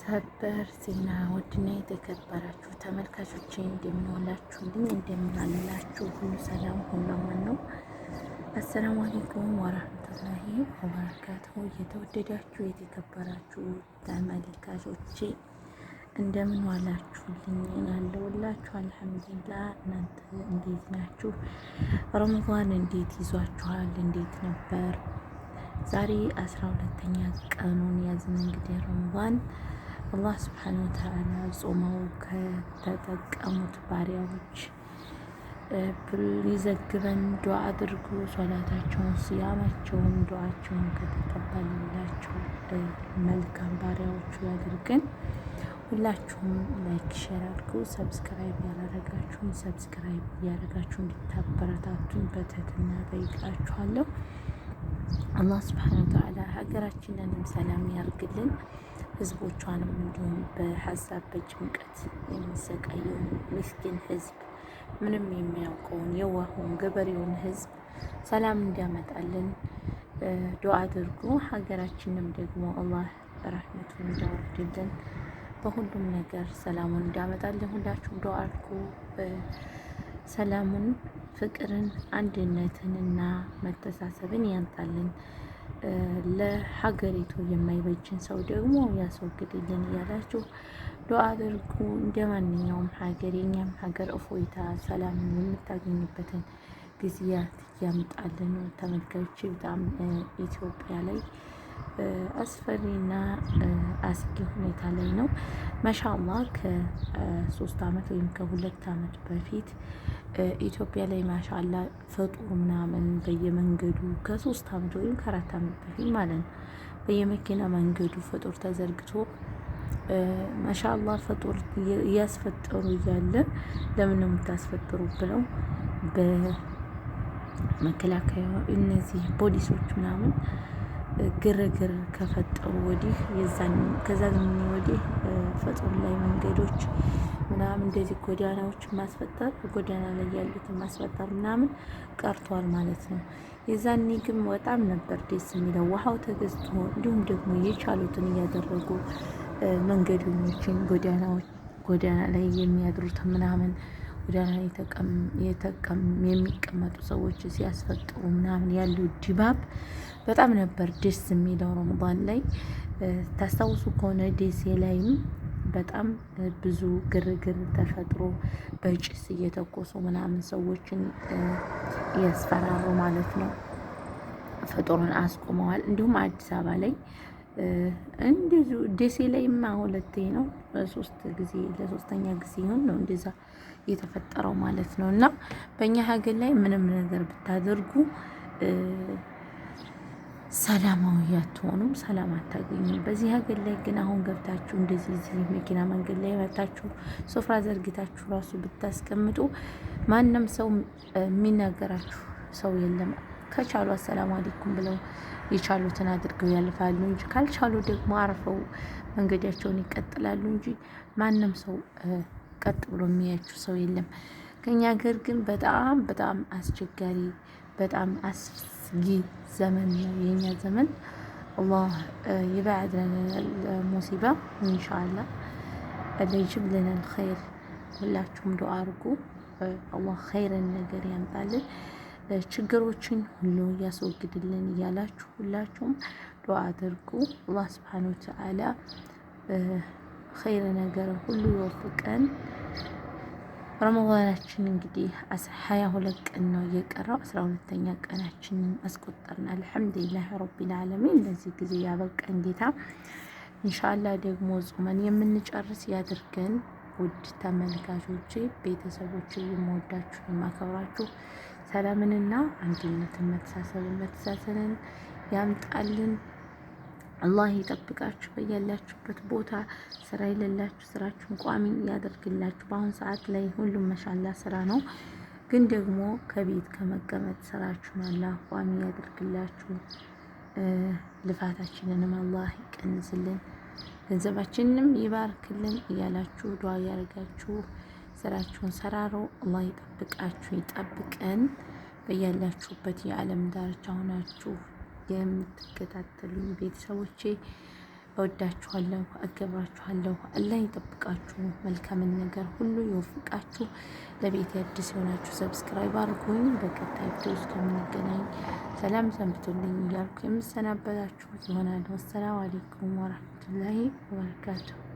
ሰበር ዜና ውድና የተከበራችሁ ተመልካቾች እንደምንዋላችሁልኝ እንደምናልላችሁ ሁሉ ሰላም ሁሉ አማን ነው። አሰላሙ አሌይኩም ወረህመቱላሂ ወበረካቱሁ። እየተወደዳችሁ የተከበራችሁ ተመልካቾቼ እንደምንዋላችሁልኝ ያለውላችሁ አልሐምዱላ። እናንተ እንዴት ናችሁ? ረመዳን እንዴት ይዟችኋል? እንዴት ነበር? ዛሬ አስራ ሁለተኛ ቀኑን ያዝን እንግዲህ ረመዳን አላህ ስብሓን ወተዓላ ጾመው ከተጠቀሙት ባሪያዎች ሊዘግበን ዱዓ አድርጉ። ሶላታቸውን፣ ስያማቸውን፣ ዱዓቸውን ከተቀበልላቸው መልካም ባሪያዎቹ ያድርገን። ሁላችሁም ላይክ፣ ሼር አድርጉ። ሰብስክራይብ ያላረጋችሁን ሰብስክራይብ እያረጋችሁ እንድታበረታቱን በትህትና ጠይቃችኋለሁ። አላህ ስብሓን ወተዓላ ሀገራችንንም ሰላም ያርግልን። ህዝቦቿንም እንዲሁም በሀሳብ በጭንቀት የሚሰቃየውን ምስኪን ህዝብ ምንም የሚያውቀውን የዋሆን ገበሬውን ህዝብ ሰላም እንዲያመጣልን ዱዓ አድርጉ። ሀገራችንም ደግሞ አላህ ረህመቱን እንዲያወርድልን በሁሉም ነገር ሰላሙን እንዲያመጣልን ሁላችሁም ዱዓ አድርጉ። ሰላምን፣ ፍቅርን፣ እና መተሳሰብን ያምጣልን። ለሀገሪቱ የማይበጅን ሰው ደግሞ ያስወግድልን እያላችሁ ዱዓ አድርጉ። እንደ ማንኛውም ሀገር የኛም ሀገር እፎይታ፣ ሰላም የምታገኝበትን ጊዜያት ያምጣልን። ተመልካዮች በጣም ኢትዮጵያ ላይ አስፈሪና አስጊ ሁኔታ ላይ ነው። ማሻአላህ ከሶስት አመት ወይም ከሁለት አመት በፊት ኢትዮጵያ ላይ ማሻአላህ ፈጡር ምናምን በየመንገዱ ከሶስት አመት ወይም ከአራት አመት በፊት ማለት ነው በየመኪና መንገዱ ፈጡር ተዘርግቶ ማሻአላህ ፈጡር እያስፈጠሩ እያለ ለምን ነው የምታስፈጥሩ ብለው በመከላከያ እነዚህ ፖሊሶች ምናምን ግርግር ከፈጠሩ ወዲህ ከዛ ዘመን ወዲህ ፈጥኖ ላይ መንገዶች ምናምን እንደዚህ ጎዳናዎች ማስፈጠር ጎዳና ላይ ያሉትን ማስፈጠር ምናምን ቀርቷል ማለት ነው። የዛኒ ግን በጣም ነበር ደስ የሚለው ውሃው ተገዝቶ እንዲሁም ደግሞ የቻሉትን እያደረጉ መንገደኞችን ጎዳናዎች ጎዳና ላይ የሚያድሩትን ምናምን ጎዳና የሚቀመጡ ሰዎች ሲያስፈጥሩ ምናምን ያለው ድባብ በጣም ነበር ደስ የሚለው ረመዳን ላይ። ታስታውሱ ከሆነ ደሴ ላይም በጣም ብዙ ግርግር ተፈጥሮ በጭስ እየተኮሱ ምናምን ሰዎችን እያስፈራሩ ማለት ነው፣ ፈጥሮን አስቁመዋል። እንዲሁም አዲስ አበባ ላይ እንደዚሁ ደሴ ላይማ ሁለቴ ነው ሶስት ጊዜ ለሶስተኛ ጊዜ ይሁን ነው እንደዛ የተፈጠረው ማለት ነው። እና በእኛ ሀገር ላይ ምንም ነገር ብታደርጉ ሰላማዊ አትሆኑም፣ ሰላም አታገኙም። በዚህ ሀገር ላይ ግን አሁን ገብታችሁ እንደዚህ እዚህ መኪና መንገድ ላይ መታችሁ ሶፍራ ዘርግታችሁ ራሱ ብታስቀምጡ ማንም ሰው የሚናገራችሁ ሰው የለም። ከቻሉ አሰላሙ አለይኩም ብለው የቻሉትን አድርገው ያልፋሉ እንጂ ካልቻሉ ደግሞ አርፈው መንገዳቸውን ይቀጥላሉ እንጂ ማንም ሰው ቀጥ ብሎ የሚያችሁ ሰው የለም። ከኛ ሀገር ግን በጣም በጣም አስቸጋሪ በጣም አስጊ ዘመን ነው የኛ ዘመን። አላህ ይባዕድ ለና ሙሲባ እንሻላ ለይጅብ ለና ልኸይር። ሁላችሁም ዱዓ አርጉ፣ አላህ ኸይርን ነገር ያምጣልን። ችግሮችን ሁሉ ያስወግድልን እያላችሁ ሁላችሁም ዱዓ አድርጉ። አላህ ሱብሓነሁ ወተዓላ ኸይር ነገር ሁሉ ይወፍቀን። ረመዳናችን እንግዲህ ሀያ ሁለት ቀን ነው እየቀረው፣ አስራ ሁለተኛ ቀናችንን አስቆጠርና አልሐምዱሊላህ ረቢል ዓለሚን ለዚህ ጊዜ ያበቃን ጌታ እንሻላ ደግሞ ጾመን የምንጨርስ ያድርገን። ውድ ተመልካቾቼ ቤተሰቦቼ፣ የምወዳችሁ የማከብራችሁ ሰላምንና አንድነትን መተሳሰብን መተሳሰንን ያምጣልን። አላህ ይጠብቃችሁ። በያላችሁበት ቦታ ስራ የሌላችሁ ስራችሁን ቋሚ ያደርግላችሁ። በአሁን ሰዓት ላይ ሁሉም መሻላ ስራ ነው፣ ግን ደግሞ ከቤት ከመቀመጥ ስራችሁን አላህ ቋሚ ያደርግላችሁ። ልፋታችንንም አላህ ይቀንስልን፣ ገንዘባችንንም ይባርክልን እያላችሁ ዱዓ እያደረጋችሁ ስራችሁን ሰራሩ። አላህ ይጠብቃችሁ፣ ይጠብቀን። በያላችሁበት የዓለም ዳርቻ ሆናችሁ የምትከታተሉኝ ቤተሰቦቼ እወዳችኋለሁ፣ አገባችኋለሁ። አላህ ይጠብቃችሁ፣ መልካምን ነገር ሁሉ ይወፍቃችሁ። ለቤት አዲስ የሆናችሁ ሰብስክራይብ አድርጉኝ። በቀጣይ ቪዲዮ እስከምንገናኝ ሰላም ሰንብቱልኝ እያልኩ የምሰናበታችሁ ይሆናል። ወሰላም አሌይኩም ወረህመቱላሂ ወበረካቱሁ።